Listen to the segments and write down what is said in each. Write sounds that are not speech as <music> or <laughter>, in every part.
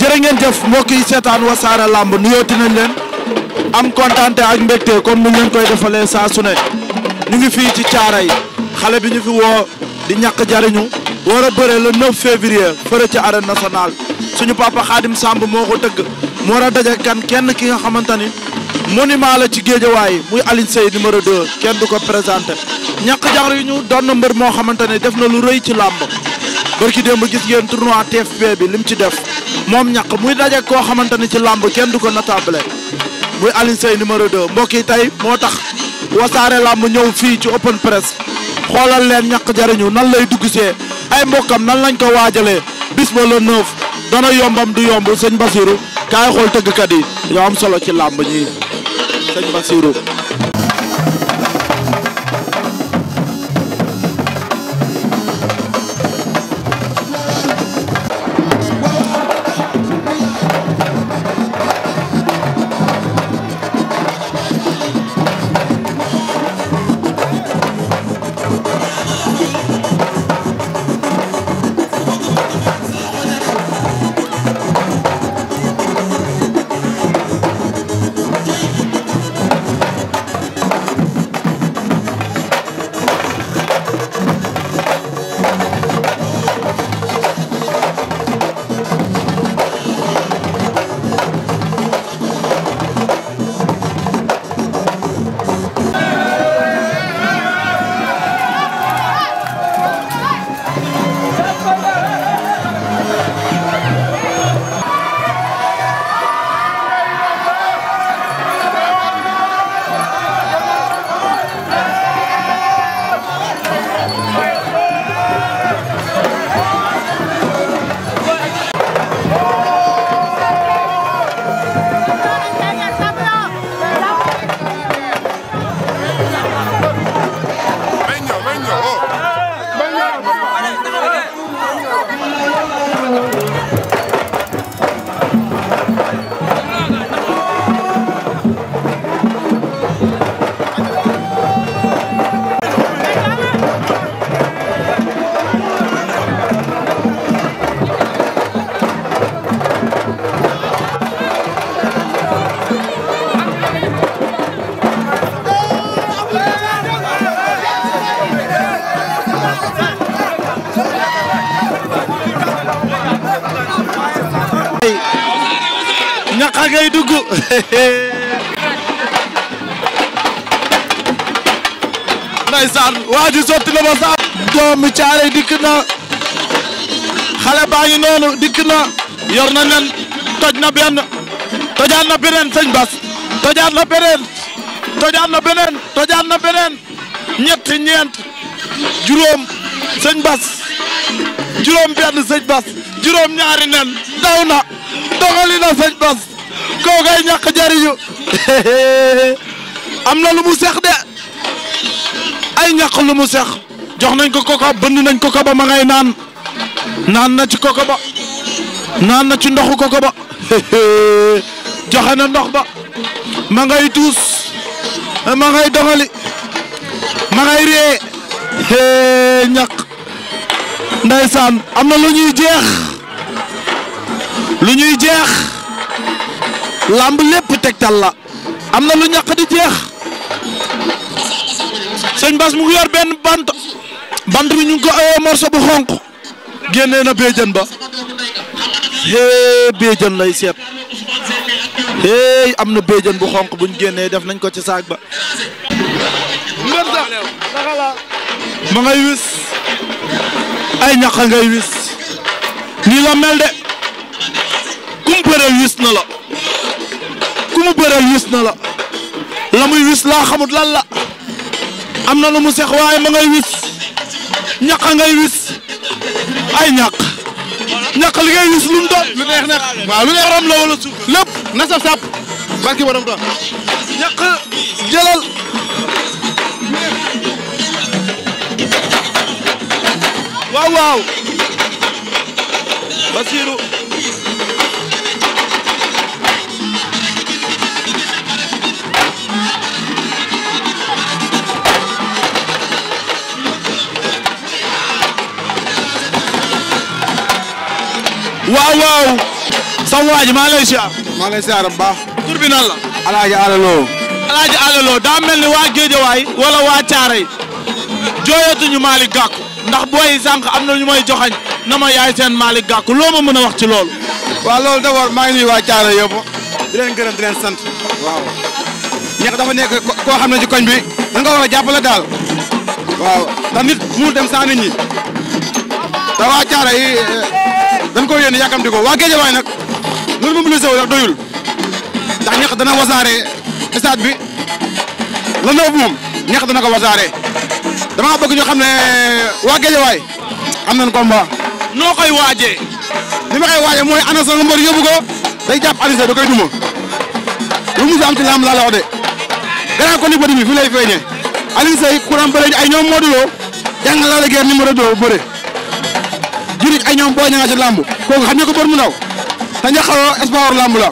jëre ngeen jëf mbokk yi seetaan wasaare làmb nuyooti nañ leen am kontaante ak mbégte comme ni ngeen koy defalee saa su ne ñu ngi fii ci caara yi xale bi ñu fi woo di ñàkk jariñu war a bëre le 9 février fëre ci arène nationale suñu papa Khadim Samb moo ko tëgg mu war a daje kan kenn ki nga xamante ni monument la ci géejawaay muy Alioune Seye numéro 2 kenn du ko présenté ñàkk jaxar yu ñu doon na mbër moo xamante ne def na lu rëy ci làmb bërki démb gis ngeen tournoi TFP bi lim ci def moom ñàkk muy daje koo xamante ne ci làmb kenn du ko natable muy Alioune Seye numéro 2 mbokk tey moo tax wasaare làmb ñëw fii ci open press xoolal leen ñàkk jariñu nan lay dugg see ay mbokkam nan lañ ko waajalee bis ba le neuf dana yombam du yomb sëñ Basiru kaay xool tëggkat yi ñoo am solo ci làmb ñi sëñ Bassirou dikk na xale baa noonu dikk na yor na nen toj na benn tojaat beneen sëñ Bas tojaat na beneen tojaat ana beneen tojaat na beneen ñett ñeent juróom sëñ Bas juróom benn sëñ Bas juróom ñaari nen daw na dogali na sëñ Bas koo koy ñàkk jariñu <laughs> am na lu mu sex de ay ñàkk lu mu sex jox nañ ko koko bënd nañ koko ba ma ngay naan naan na ci koko ba naan na ci ndoxu koko ba <laughs> joxe na ndox ba ma ngay tuus ma ngay dongali ma ngay ree <laughs> ñaq ndeysaan am na lu ñuy jeex lu ñuy jeex làmb lépp tegtal la am na lu ñaq di jeex sëñ Bass mu ngi benn bant bant bi ñu ngi ko awee eh, morso bu xonq génnee na béjjën ba hee eh, béjjën lay seet hee eh, am na béjjën bu xonq buñ génnee def nañ ko ci saag ba mbër ma ngay wis ay ñax ngay wis nii la mel de ku mu bëreel wis na la ku mu bëreel wis na la la muy wis laa xamut lan la am na la mu sex waaye ma ngay wis ñaq ngay wis ay ñaq ñaq li ngay wis lu mu doon. lu neex nag waaw lu neex ram la wala suuf lépp na saf sap barki borom doon ñaq jëlal. waaw waaw Basiru waaw waaw sama waa ji maa ngi lay siyaar. maa ngi bu baax. tur bi nan la. El Hadj Alaloo. El Hadj Alaloo daa mel ni waa Géejawaay wala waa Caaray jooyatuñu Malick Gakou ndax booy sànq am na ñu may joxañ na ma yaay seen Malick loo ma mën a wax ci loolu. waaw loolu d'abord maa ngi waa Caaray yëpp di leen gërëm di leen sant. waaw. ñeex dafa nekk koo xam ne ci koñ bi da nga war a jàppale daal. waaw ndax mu dem saa nit ñi. waa Caaray eh, dañ ko yéene yàkkamti ko waa Géejawaay nag loolu mobilisé wu rek doyul ndax ñax dana wasaare stade bi la nëb moom ñax dana ko wasaare dama bëgg ñu xam ne waa Géejawaay am nañ combat. noo koy waajee. li ma koy waajee mooy ana sama mbër yóbbu ko day jàpp Alioune da duma lu mu am ci laam laa de gannaaw ko ni bëri bi fi lay feeñee Alioune Seye courant bëre ay ñoom Modou Lo jàng laa la guerre numéro 2 bëre. ay ñoom boo ñanga ci lamb kooku xam nga ko mbër mu ndaw te Ndiakhate espoir lamb la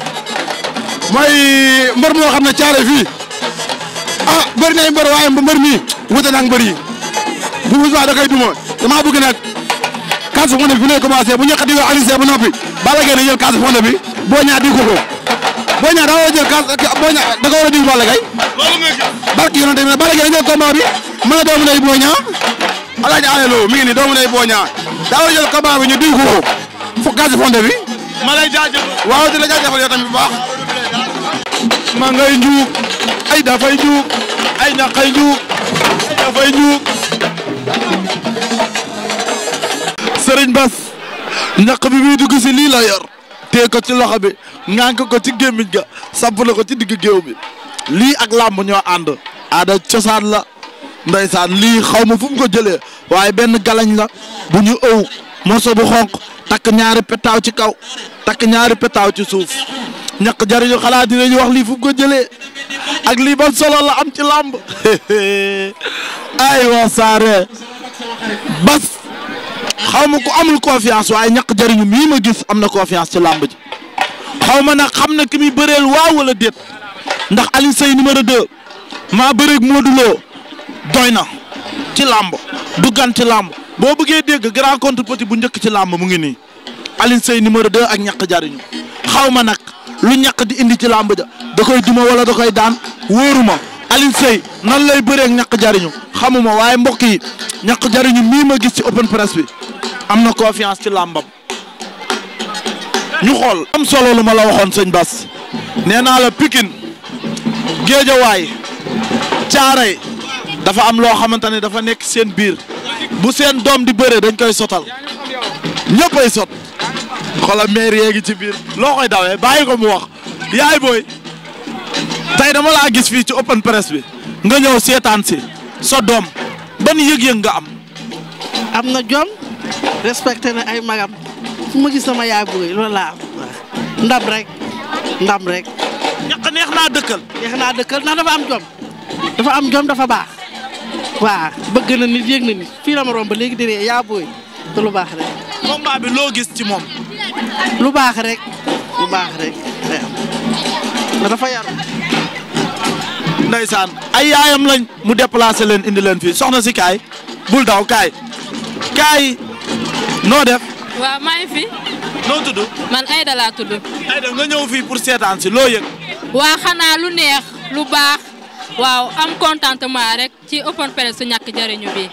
mooy mbër moo xam ne caare fii a ah, bëri na ay mbër waaye mbër mi wute na ak mbër yi bu Ousmane da koy duma damaa bëgg nag kaas fonde bi fi lay commencé bu ñu xati yoo Aliou Seye bu noppi Balla Gaye jël kaas fonde bi boo ñaa di ko ko boo a jël kaas boo ñaa da ko war a di Balla Gaye barki yonent bi jël combat bi mën a doomu nay boo ñaa alaaji loo mi ngi ni doomu nay daaw jël combat bi ñu duñ ko woo fu gaz fonde bi. ma lay jaajëfal waaw di la jaajëfal yow tamit bu ngay njuub ay dafay njuub ay ñaqay njuub dafay njuub. Serigne Bass ñaq bi muy dugg si lii la yor tee ko ci loxo bi ŋànk ko ci gémmiñ ga samp ko ci digg géew bi lii ak làmb ñoo ànd. aada cosaan la ndeysaan lii xawma ma fu mu ko jëlee waaye benn galañ la bu ñu ëw morso bu xonq takk ñaari petaaw ci kaw takk ñaari petaaw ci suuf ñaq jariñu xalaat dinañu wax lii fu ko jëlee ak lii ban solo la am ci làmb <laughs> ay Wassare bas xaw ma ku amul confiance waaye ñaq jariñu mii ma gis am na confiance ci làmb ji xaw ma nag xam na ki muy bëreel waaw wala déet ndax Alioune Seye numéro 2 maa bëreeg Modou Lo na ci làmb du gan ci làmb boo bëggee dégg grand contre bu njëkk ci làmb mu ngi nii Alioune numéro de ak ñaq jariñu xaw ma nag lu ñàkk di indi ci làmb ja da koy duma wala da koy daan wóoruma Alioune Seye nan lay bëree ak ñàkk jariñu xamuma waaye mbokk yi ñàkk jariñu mii ma gis ci open press bi am na confiance ci làmbam ñu xool am solo lu ma la waxoon sëñ Bas nee naa la Pikine Géejawaay yi dafa am loo xamante ne dafa nekk seen biir bu seen doom di bëree dañ koy sotal ñëpp ay sot xoolal maire yee ngi ci biir loo koy dawee bàyyi ko mu wax yaay booy tey dama laa gis fii ci open press bi nga ñëw seetaan si sa doom ban yëg-yëg nga am. am na jom respecte ne ay magam fu ma gis sama yaay booy loolu laa am ndam rek ndam rek. ñaq neex naa dëkkal. neex naa dëkkal ndax dafa am jom dafa am joom dafa baax. waaw bëgg na nit yëg na nit fii la ma romb léegi déree yaa booy te lu baax rek. combat bi loo gis ci moom. lu baax rek lu baax rek day am dafa yaru. ndeysaan ay yaayam lañ mu déplacé leen indi leen fii soxna si kaay bul daw kaay kaay noo def. waaw maa ngi fi. noo tudd. man Aïda laa tudd. Aïda nga ñëw fii pour seetaan si loo yëg. waa xanaa lu neex lu baax. waaw am contentement rek ci open presse su ñàkk jëriñu bi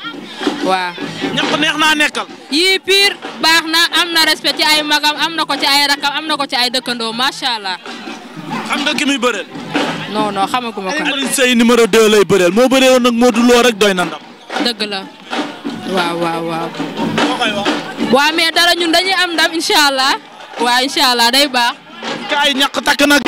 waaw. ñàkk neex naa nekkal. yii pire baax na am na respect ci ay magam am na ko ci ay rakam am na ko ci ay dëkkandoo macha allah. xam nga ki muy bëreel. non non xamaguma ko. Alioune Seye numéro 2 lay bëreel moo bëree woon nag Modou Lo rek doy na ndam. dëgg la waaw waaw waaw. moo koy ñun dañuy am ndam incha allah. waaw incha allah day baax. kaay ñàkk takk nag.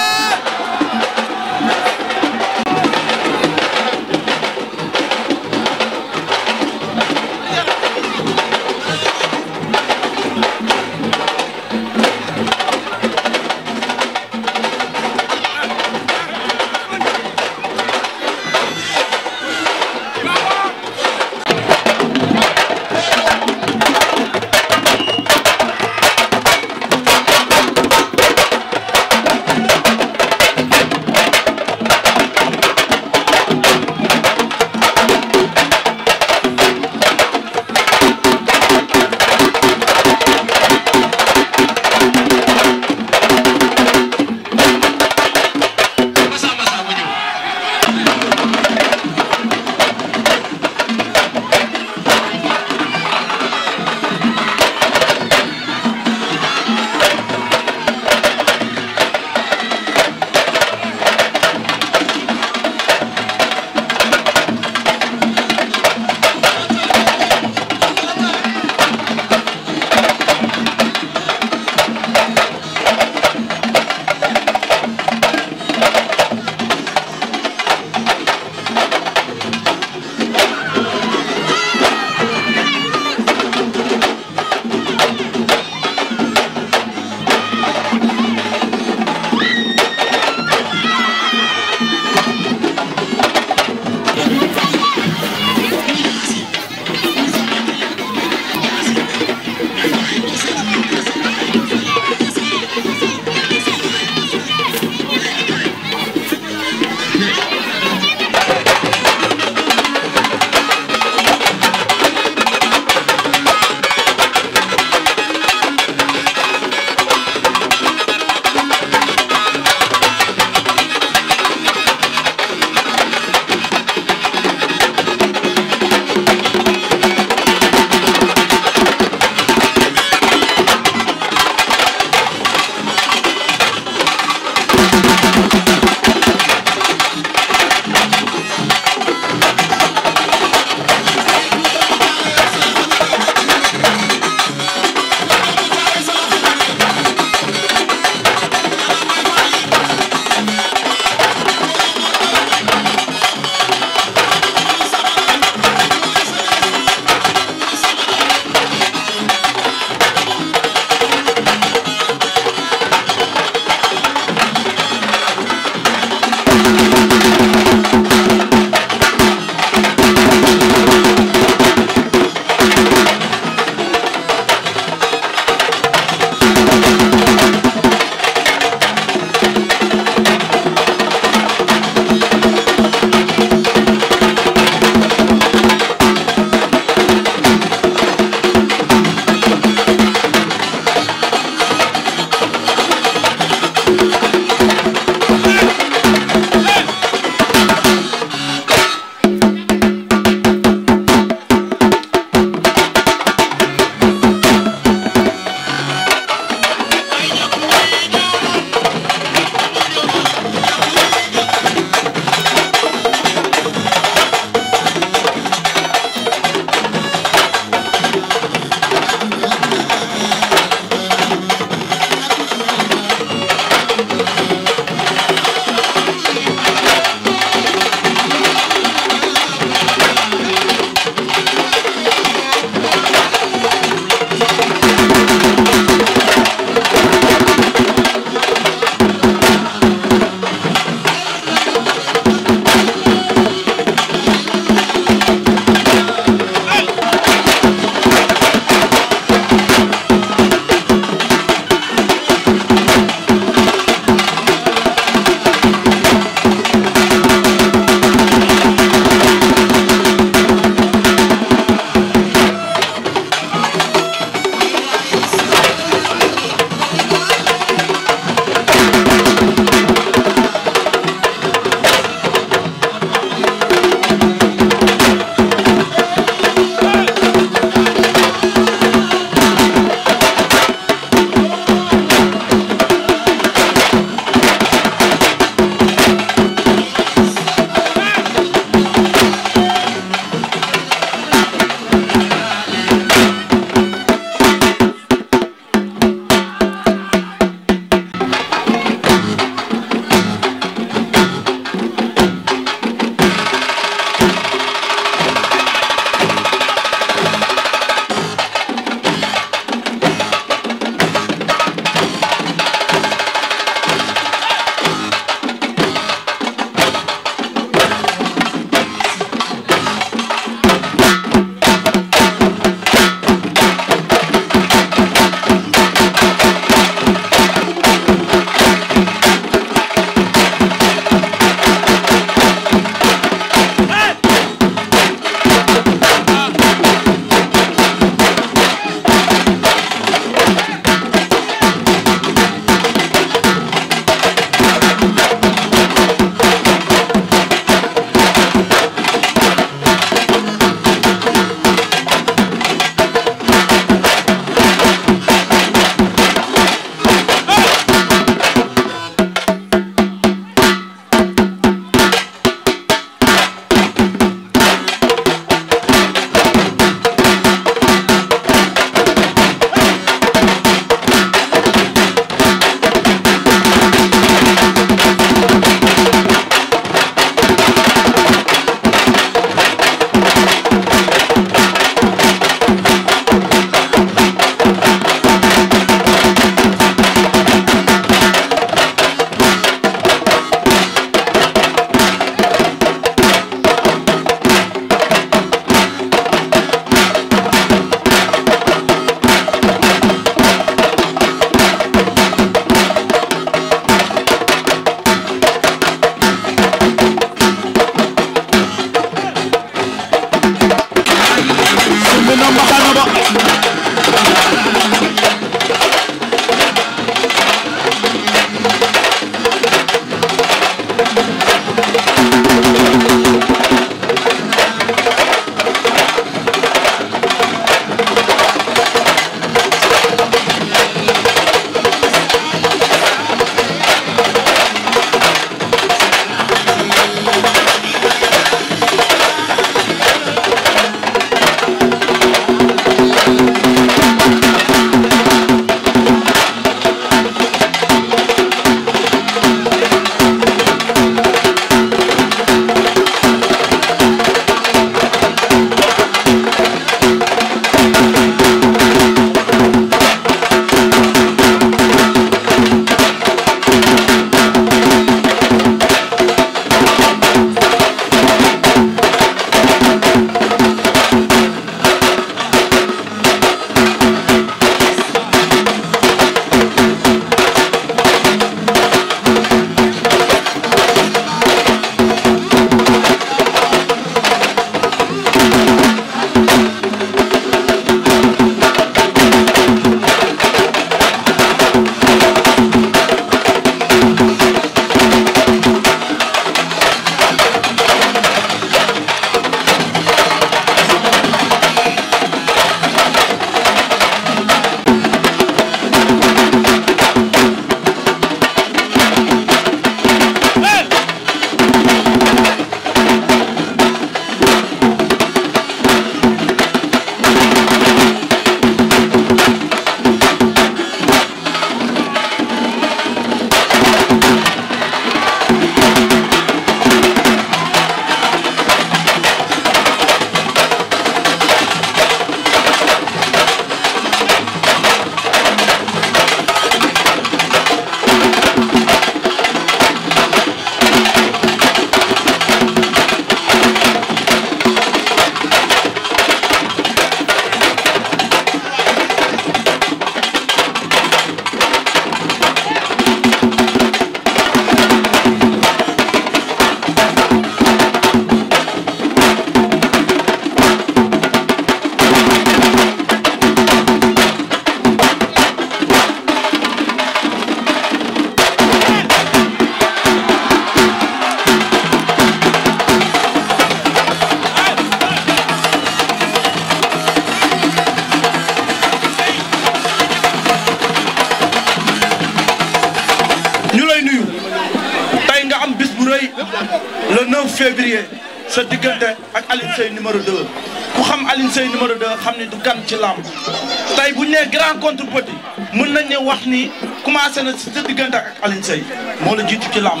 wax ni commencé na si sa diggante ak Alioune Seye moo la jiitu ci làmb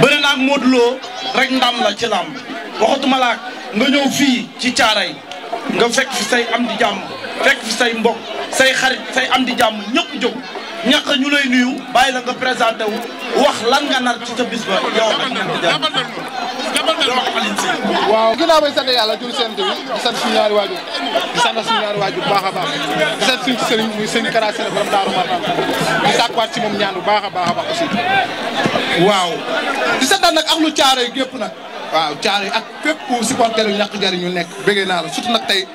bëri na ak Modou Lo rek ndam la ci làmb waxatuma laak nga ñëw fii ci caaray nga fekk fi say am di jàmm fekk fi say mbokk say xarit say am di jàmm ñëpp jóg ñàkk ñu lay nuyu bàyyi la nga présenté wu wax lan nga nar ci sa bis ba yow ak am di jàmm waaw ginnaaw bay sant yàlla jur seen bi di sant suñu ñaari waajur di sant suñu ñaari waajur baax a baax di sant suñu sëriñ muy sëriñ Kara Sène borom di sàkkuwaat ci moom ñaan bu baax a baax a baax aussi waaw di sant nag ak lu caare yi gépp nag waaw ak yi ak fépp supporter yu ñàkk jariñu nekk bëggee naa la surtout nag tey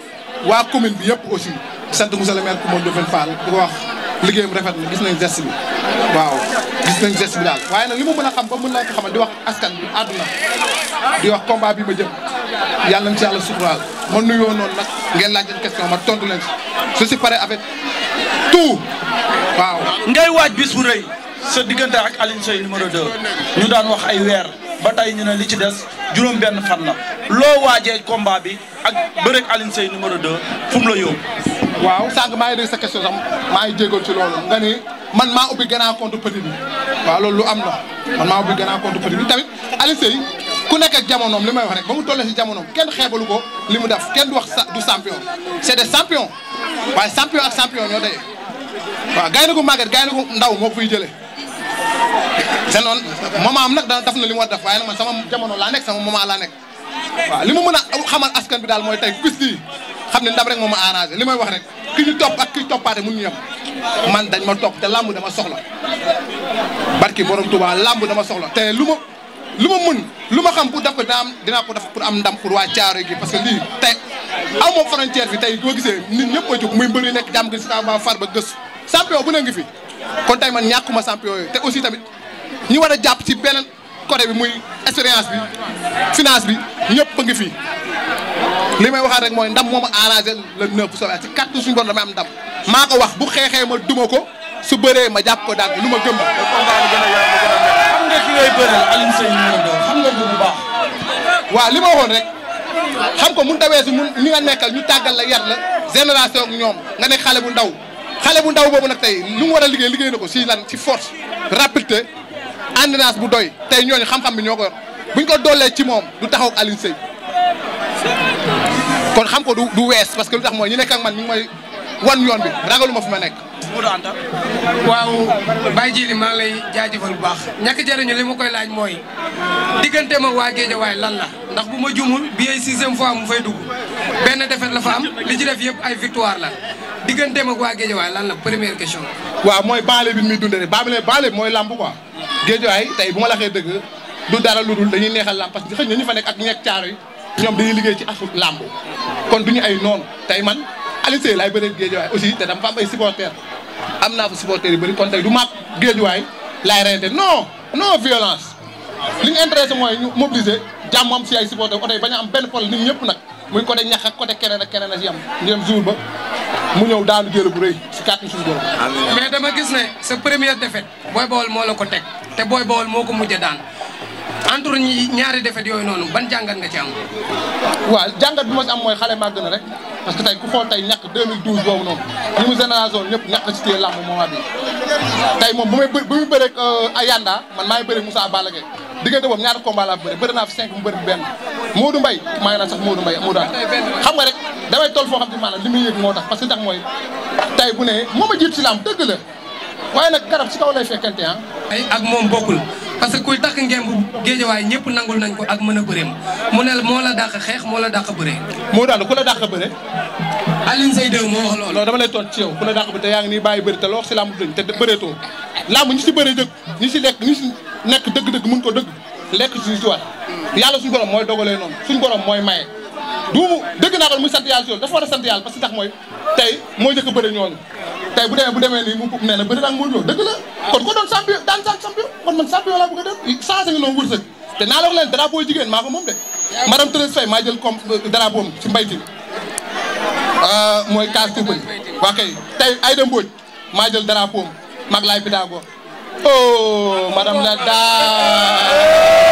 waa commune bi yëpp aussi di sant monsieur le maire Coumba Ndoffène Fall wax liggéeyam rafet na gis nañ geste bi waaw gis nañ geste bi daal waaye nag li ma mën a xam ba mën naa ko xamal di wax askan bi àdduna di wax combat bi ma jëm yàlla na ci yàlla suturaal ma nuyoo noonu nag ngeen laaj leen question ma tontu leen si su si paree avec tout waaw. ngay waaj bis bu rëy sa diggante ak Alioune Seye numéro 2 ñu daan wax ay weer ba tey ñu ne li ci des juróom benn fan la loo waajee combat bi ak bëreeg Alioune Seye numéro 2 fu mu la yóbbu. waaw sànq maa ngi dégg sa question sax maa ngi jégal ci loolu nga ni man maa ubbi grand compte petit bi waaw loolu lu am na man maa ubbi grand compte petit bi tamit Aliou ku nekk ak jamonoom li may wax rek ba mu tollee si jamonoom kenn xeebalu ko li mu def kenn du wax du champion c'est des champions waaye champion ak champion ñoo dee waaw gaynde gu màgget gaynde gu ndaw moo ko fiy jëlee te noonu moment am nag dana def na li mu war def waaye nag ma sama jamono laa nekk sama moment laa nekk waaw li ma mën a xamal askan bi daal mooy tey bis xam ne ndam rek moo ma arrangé li may wax rek ki ñu topp ak ki toppaate mu ñu yem man dañ ma topp te lambu dama soxla barki borom Touba làmb dama soxla te lu ma lu ma mën lu ma xam pour def ko dinaa am ko def pour am ndam pour waa Caaroy gi parce que lii te aw ma frontière fi tey boo gisee nit ñëpp a jóg muy mbëri nekk jàmm gi si ba far ba gës champion bu ne ngi fi kon tey man ñàkkuma champion yooyu te aussi tamit ñu war a jàpp ci beneen côté bi muy expérience bi finance bi ñëpp a ngi fi li may waxaat rek mooy ndam moo ma arrangé le neuf bu soobee ak ci kàttu suñu borom damay am ndam maa ko wax bu xeexee ma duma ko su bëree ma jàpp ko daal lu ma gëm la. xam nga ki waaw li ma waxoon rek xam ko mun dawee si mun ñi nga nekkal ñu tàggal la yar la génération ak ñoom nga nekk xale bu ndaw xale bu ndaw boobu nag tey lu mu war a liggéey liggéey na ko si lan si force rapidité endurance bu doy tey ñooñu xam-xam bi ñoo ko yor buñ ko doolee ci moom du taxaw ak kon xam ko du du wees parce que lu tax mooy ñu nekk ak man ñu ngi may wan yoon bi ragaluma fu ma nekk. Modou Anta. waaw Baye Djili maa lay lay jaajëfal bu baax ñàkk jëriñu li ma koy laaj mooy diggante ma waa Géejawaay lan la ndax bu ma juumul bi ay sixième fois mu fay dugg benn défaite la fa am li ci def yëpp ay victoire la diggante ma waa Géejawaay lan la première question. waaw mooy baale bi muy dundee baale baale bi mooy lamb quoi Géejawaay tey bu ma la waxee dëgg du dara lu dul dañuy neexal lamb parce que xëy ñu fa nekk ak yi. ñoom dañuy liggéey ci asu làmb kon du ñu ay noonu tey man Alioune Seye laay bëree géejuwaay aussi te dama fa am ay am naa fa supporters yu bëri kon tey du maag géejuwaay laay reyante non non violence li ñu intéressé mooy ñu mobiliser jàmm am si ay supporters oto yi bañ a am benn problème nit ñëpp nag muy côté ñax ak côté keneen ak keneen a si am ñu dem jour ba mu ñëw daanu jël bu rëy si kàttu suñu borom. mais dama gis ne sa première défaite booy bawol moo la ko teg te booy bawol moo ko mujjee daan. entre ñaari defet yooyu noonu ban jàngat nga ci am. waa jàngat bi ma si am mooy xale ma gën a rek parce que tey ku xool tey ñàkk 2012 boobu noonu ñi mu génération ñëpp ñàkk ci téye làmb moment bi tey moom bu may bu muy bëreeg euh, Ayanda man maa ngi bëreeg Moussa Balla Gaye diggante boobu ñaata combat laa bëri bëri naa fi cinq mu bëri benn Modou Mbaye maa ngi naan sax Modou Mbaye Modou xam nga rek damay toll foo xam ne maanaam li muy yëg moo tax parce que tax mooy tey bu ne moom a jiitu si làmb dëgg la waaye nag garab si kaw lay fekkente ay ah. ak moom bokkul. parce que kuy takk ngemb géejawaay ñëpp nangul nañ ko ak mën a bëreem mu ne moo la dàq xeex moo la dàq bëree. moo daal ku la dàq bëre. Alioune Seye 2 moo wax loolu. non dama lay toog ci yow ku la dàq bëre te yaa ngi nii bàyyi bëri te loo wax si làmb duñ te bëreetoo làmb ñi si bëree dëgg ñi si lekk ñi si nekk dëgg-dëgg mën ko dëgg lekk si si waat yàlla suñu borom mooy dogalee noonu suñu borom mooy maye duubu dëgg naa ko muy sant si loolu dafa war a sant yàlla parce que tax mooy tey moo njëkk a bëri ñooñu tey bu demee bu demee nii mu nee na bëri naa Modou Lo dëgg la kon ko doon champion daan daan champion kon man champion laa bëgg a dem changé nga te naa la leen drapeau jigéen maa ko moom de madame Thérèse Faye maa jël comme euh, drapeau mbayti euh, mooy kaas ci bëri waa kay tey Aïda Mbodj maa jël drapeau mag laay Pitagore oh madame la daa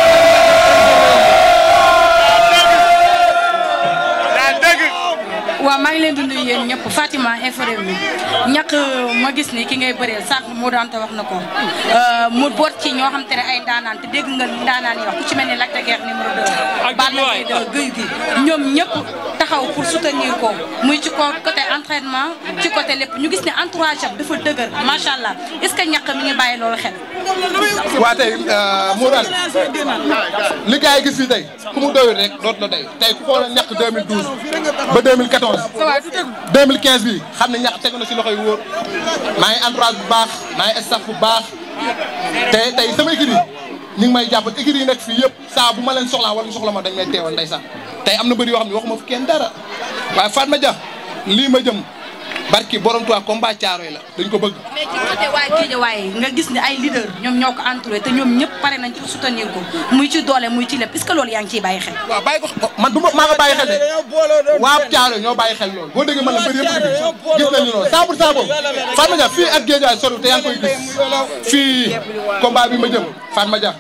waaw maa ngi leen di nuyu yéen ñëpp Fatima info Rewmi ñàkk ma gis ni ki ngay bëree sànq moo daan wax na ko euh, mu boot ci ñoo xam te ne ay ndaanaan te dégg nga ndaanaan yi wax ku ci mel ni Lac de Guiers numéro 2 Balla Gaye 2 Gouye Gui ñoom ñëpp taxaw pour soutenir ko muy ci côté entraînement ci côté lépp ñu gis ne entourage am dafa dëgër macha allah est ce que ñaq mi ngi bàyyi loolu xel waa tey euh, Mourane li gars yi gis fi tey ku mu doyul rek doot la day tey ku xoolal ñàkk 2012 ba def 2015 bi xam ne ñax tegu na si loxo yu wóor maa ngi entourage bu baax maa ngi staff bu baax te tey sama équipe yi ñu ngi may jàppal équipe yi nekk fii yëpp saa bu ma leen soxlaa wala ñu soxla ma dañ may teewal ndeysaan tey am na bëri yoo xam ne waxuma fi kenn dara waaye Fatma Dia lii ma jëm barki borom Tuubaa combat Caaroy la dañ ko bëgg. mais ci côté waa Guédiawaye nga gis ne ay leader ñoom ñoo ko entouré te ñoom ñëpp pare nañ pour soutenir ko muy ci doole muy ci lépp est ce que loolu yaa ngi ciy bàyyi xel. waaw bàyyi ko man du maa ko bàyyi xel de waa Caaroy ñoo bàyyi xel loolu boo déggee man la bëri yëpp gis nañu loolu cent pour cent boobu Fatma Dia fii ak te yaa koy gis fii combat bi ma jëm Fatma Dia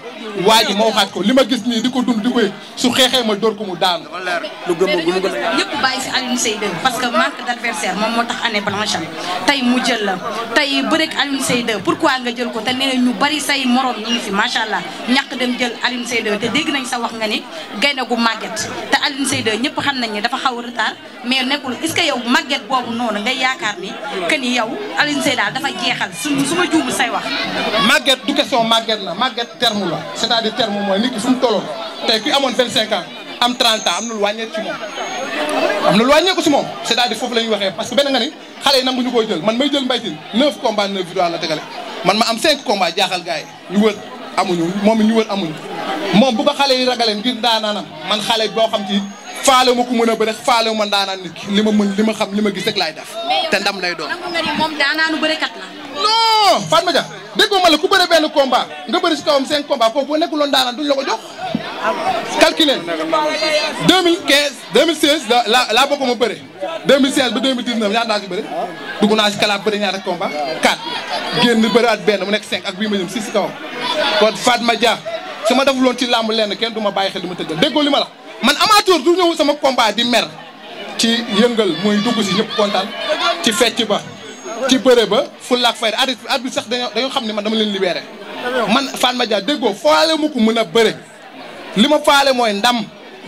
waa ji ma waxaat ko li ma gis nii di ko dund di ko yëg su xeexee ma dóor ko mu daan. lu gëm a gën bàyyi si Alioune Seye 2 parce que marque d' adversaire moom moo tax année blanche am tey mu jël la tey bëreeg Alioune Seye pour pourquoi nga jël ko te nee na ñu bari say morom ñi ngi fi macha allah ñàkk dem jël Alioune Seye 2 te dégg nañ sa wax nga ni gaynde gu màgget te Alioune Seye 2 ñëpp xam nañ ne dafa xaw a retard mais nekkul est ce que yow màgget boobu noonu nga yaakaar ni que ni yow Alioune Seye daal dafa jeexal su su ma juumul say wax. màgget du question màgget la màgget terme la c'est-à-dire terme na lu wàññeeku ci moom. am moom cest foofu la ñuy waxee parce que benn nga ni xale yi nangu ñu koy jël man may jël mbaytin 9 combats ma am ñu wër amuñu ñu wër amuñu moom bu ko xale yi ragalee ngir ndaanaanam man xale boo xam ci faale ma ko mën a bëre faale ma ndaanaan ma li ma xam li ma gis rek laay def te ndam lay doon. non Fatma Dia déggoo ma la ku bëre benn combat nga bëri si kawam cinq combat foofu boo nekkuloon daanaan duñ la ko jox. calculé 2015 2016 la la laa bokk ma bëre ba 2019 naa si bëre dugg naa si kalaat bëre ñaata combat 4 génn bëriwaat benn mu nekk 5 ak bii ma jëm 6 si kawam kon Fatma Dia su ma defuloon ci làmb lenn kenn du ma bàyyi xel di ma tëggal déggoo li ma la man amateur du ñëw sama combat di mer ci yëngal muy dugg si ñëpp kontaan ci fecc ba. ci bëre ba fulla ak fayda at bi sax dañoo dañoo xam ni man dama leen libeere man Fatma Dia déggoo faale mu ko mën a bëre li ma faale mooy ndam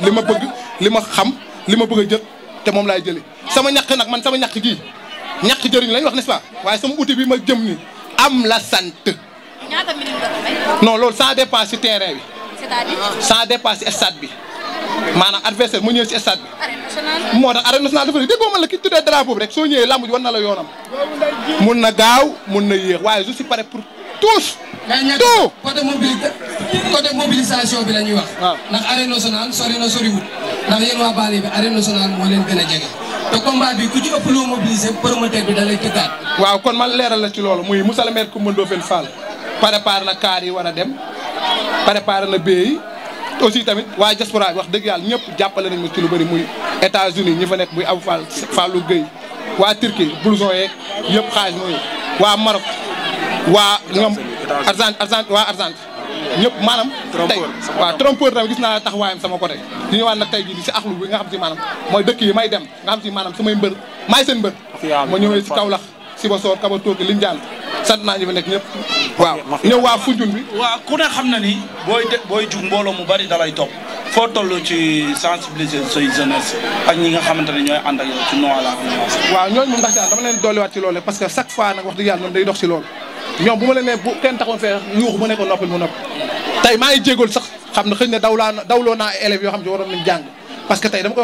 li ma bëgg li ma xam li ma bëgg a jël te moom laay jëli sama ñàkk nag man sama ñàkk gi ñàkk jëriñ lañ wax n'est-ce waaye sama uti bi ma jëm ni am la sant. ñaata minute la non loolu sans dépasse ci terrain bi. san à dire sans stade bi. maanaam adversaire mu ñëw si stade bi moo tax arène nationale dafa déggoo man la ki tuddee rek soo ñëwee lamb war na la yoonam mun na gaaw mun na yéex waaye je suis paré pour tous tout côté mobilisation bi la ñuy wax ndax arène nationale sori na soriwul ndax yéen waa Bale bi arène nationale moo leen gën a jege te combat bi ku ci ëpp loo mobiliser promoteur bi da lay waaw kon man leeral la ci loolu muy Moussa le maire Coumba Ndoffène Fall préparé na kaar yi war a dem préparé na béy aussi tamit waa diaspora wax dëgg yàlla ñëpp jàppale nañ ma ci lu bëri muy États-Unis ñi fa nekk muy Abou Fall Fallou Gueye waa Turquie blouson yeeg yëpp xaalis mooy waa Maroc waa ñoom Argent Argent waa Argent ñëpp maanaam tey waaw trompeur tamit gis naa taxawaayam sama côté di ñëwaat na tey jii si axlu bi nga xam si maanaam mooy dëkk yi may dem nga xam si maanaam samay mbër maay seen mbër ma ñëwee si Kaolack Sibassor Kaba Toki Lindiane sant naa ñu fi nekk ñëpp waaw ñëw waa Foundiougne bi waaw ku ne xam na ni booy de booy jug mbooloo mu bari dalay topp foo toll ci sensibiliser say jeunesse ak ñi nga xamante ne ñooy ànd ak yow ci noa la waaw ñooñu moom ndax si dama leen dolliwaat ci loolu parce que chaque fois nag wax dëgg yàlla ñoom day ci loolu ñoom bu ma leen ne bu fee yuuxu ma ne ko noppil mu nopp tey maa ngi jégal sax xam ne xëy na dawlaa dawloo naa élèves yoo xam ne waroon nañ jàng parce que tey dama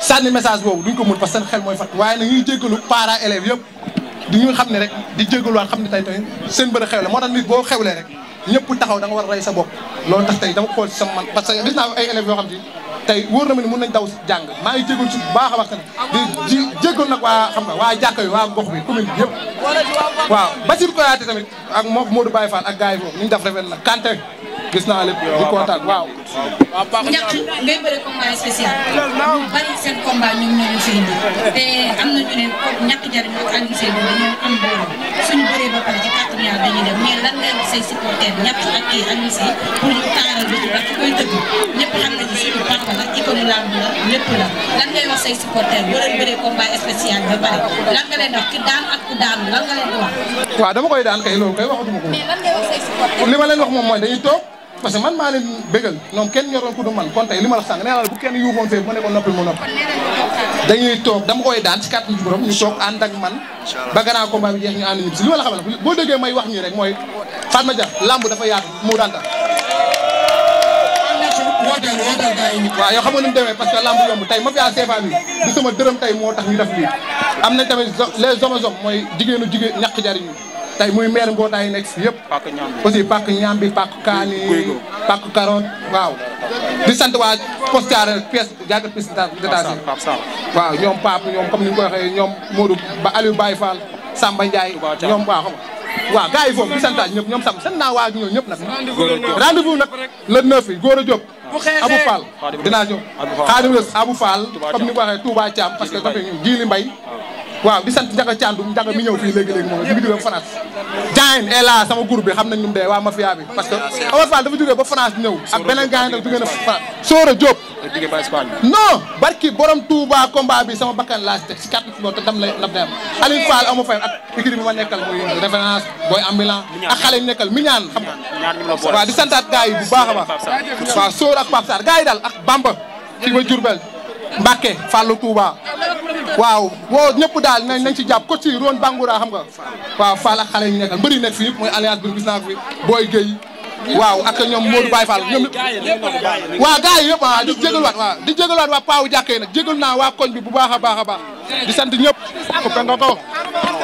sànni message boobu duñ ko mun parce que seen xel mooy fat waaye nag ñuy jéggalu parents élèves yëpp di ñu xam ne rek di jéggaluwaat xam ne tey tey seen bërë xewle moo tax nit boo xewlee rek ñëpp taxaw da nga war a rey sa bopp loolu tax tey dama xool man parce que gis naa ay élèves yoo xam ne tey wóor na ma ne mën nañ daw jàng maa ngi jégalu si bu baax a baax di di jégalu xam nga waa jàkka yi waa gox bi commune bi yëpp waaw Basir Koyaate tamit ak moo Modou Baye Fall ak gars yi foofu ñu def rafet na Kanté gis naa lépp di kontaan waaw. ñax ngay bëre combat spécial. ñu bari seen combat ñoom ñoo ñu fi indi te am na ñu ne ñàkk jariñoo ak Alioune Seye boobu dañoo am booloo ba pare ci kàttan yàlla dañuy dem mais lan ngay wax say supporters ñàkk ak kii Alioune bi ci ba koy tëgg ñëpp la lépp la lan ngay wax say supporters boo leen bëree combat spécial ba pare lan nga leen wax ki ak ku lan nga leen di wax. dama koy daan kay loolu kay waxatuma ko. li ma leen wax moom mooy dañuy toog. parce que man maa leen bégal ñoom kenn ñoroon ku du man kon tey li ma la nee naa la bu kenn yuuxoon fee ma ne ko mu noppi dañuy toog dama koy daan si kàttan borom ñu toog ànd ak man ba grand combat bi jeex ñu ànd ñib boo déggee may wax ñu rek mooy Fatma Dia làmb dafa yaatu mu daan tax waaw yoo xam nga ni mu demee parce que lamb yomb tey mafia CFA bi du sama dërëm tey moo tax ñu def lii am nañ tamit les hommes hommes mooy jigéenu jigéen ñàkk jariñu tey muy maire mbootaay yi nekk si yëpp. aussi pàcc ñaam bi pàcc kaani pàcc carotte waaw. di sant waa poste Thiaroye pièce jagleel pièce détachée waaw ñoom Pape ñoom comme ni ñu ñoom Modou ba Aliou Baye Fall Samba Ndiaye ñoom waaw xam nga waaw di santaat ñëpp ñoom sam sant naa waa ñoom ñëpp nag rendez nag le neuf yi góor a jóg Abou Fall dinaa jóg xaadim ni ko waxee Touba Thiam parce que dafa ñu mbay waaw di sant Ndiaga Thiandoum Ndiaga mi ñëw fii léegi-léegi moom bi jógee France Diagne est là sama groupe bi ba France ñëw ak beneen gars yi nag jógee na a baax daal ak Bamba fii ba Diourbel Mbacke Fallou Touba waaw woo ñëpp daal nañ nañ ci jàpp ko ci Rone Bangoura xam nga waaw Fall ak xale yi ñu nekkal mbëri nekk fii mooy alliance bi gis fi Boy Gueye waaw ak ñoom Modou Baye Fall ñoom waaw gars yi yëpp ah di jégaluwaat waaw di jégaluwaat waa Paawu Jàkkee nag jégalu naa waa koñ bi bu baax a baax a di sant ñëpp ko nga ko